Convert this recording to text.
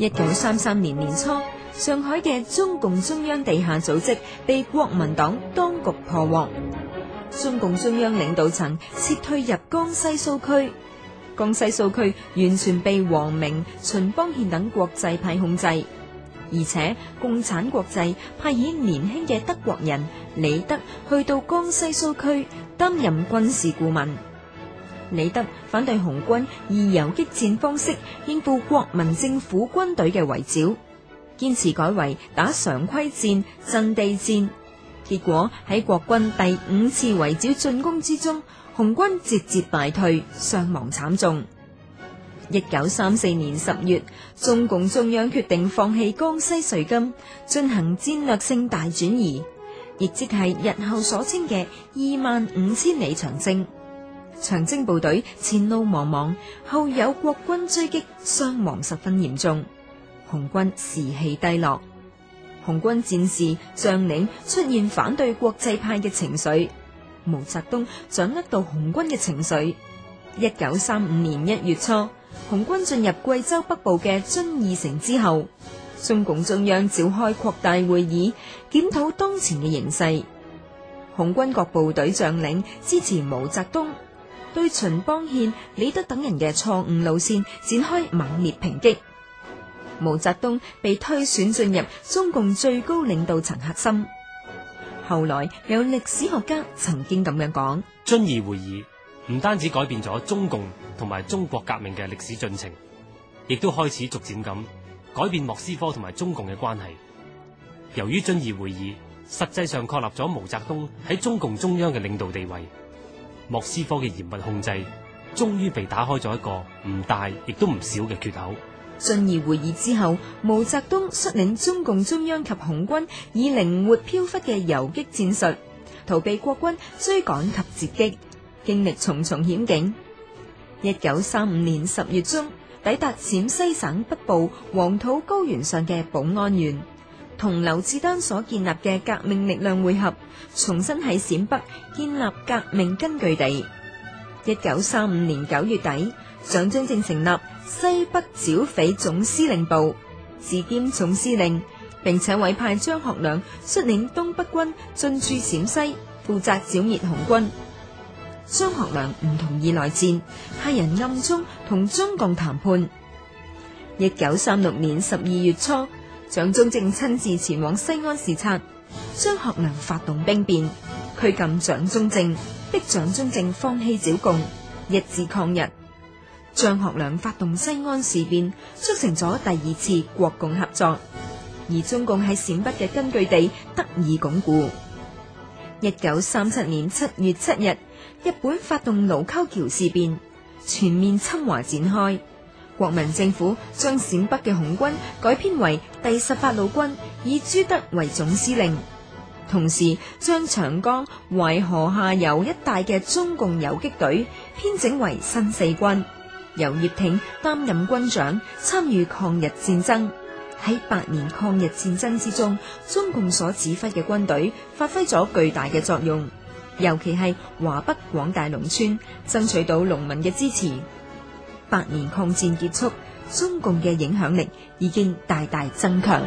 一九三三年年初，上海嘅中共中央地下組織被國民黨當局破獲，中共中央領導層撤退入江西蘇區。江西蘇區完全被王明、秦邦憲等國際派控制，而且共產國際派遣年輕嘅德國人李德去到江西蘇區擔任軍事顧問。李德反對紅軍以游擊戰方式應付國民政府軍隊嘅圍剿，堅持改為打常規戰、陣地戰。結果喺國軍第五次圍剿進攻之中，紅軍節節敗退，傷亡慘重。一九三四年十月，中共中央決定放棄江西瑞金，進行戰略性大轉移，亦即係日後所稱嘅二萬五千里長征。長徵部隊前路茫茫，後有國軍追擊，傷亡十分嚴重。紅軍士氣低落，紅軍戰士將領出現反對國際派嘅情緒。毛澤東掌握到紅軍嘅情緒。一九三五年一月初，紅軍進入貴州北部嘅遵義城之後，中共中央召開擴大會議，檢討當前嘅形勢。紅軍各部隊將領支持毛澤東。對秦邦憲、李德等人嘅錯誤路線展開猛烈抨擊，毛澤東被推選進入中共最高領導層核心。後來有歷史學家曾經咁樣講：遵義會議唔單止改變咗中共同埋中國革命嘅歷史進程，亦都開始逐漸咁改變莫斯科同埋中共嘅關係。由於遵義會議實際上確立咗毛澤東喺中共中央嘅領導地位，莫斯科嘅嚴密控制，終於被打開咗一個唔大亦都唔小嘅缺口。遵義會議之後，毛澤東率領中共中央及紅軍以靈活飄忽嘅游擊戰術，逃避國軍追趕及截擊，經歷重重險境。一九三五年十月中，抵達陝西省北部黃土高原上嘅保安縣。同劉志丹所建立嘅革命力量匯合，重新喺陝北建立革命根據地。一九三五年九月底，蔣中正成立西北剿匪總司令部，自兼總司令，並且委派張學良率領東北軍進駐陝西，負責剿滅紅軍。張學良唔同意內戰，派人暗中同中共談判。一九三六年十二月初。蔣中正親自前往西安視察，張學良發動兵變，拘禁蔣中正，逼蔣中正放棄剿共，一致抗日。張學良發動西安事變，促成咗第二次國共合作，而中共喺陝北嘅根據地得以鞏固。一九三七年七月七日，日本發動盧溝橋事變，全面侵華展開。國民政府將陝北嘅紅軍改編為第十八路軍，以朱德為總司令；同時將長江淮河下游一帶嘅中共游擊隊編整為新四軍，由葉挺擔任軍長，參與抗日戰爭。喺八年抗日戰爭之中，中共所指揮嘅軍隊發揮咗巨大嘅作用，尤其係華北廣大農村，爭取到農民嘅支持。八年抗戰結束，中共嘅影響力已經大大增強。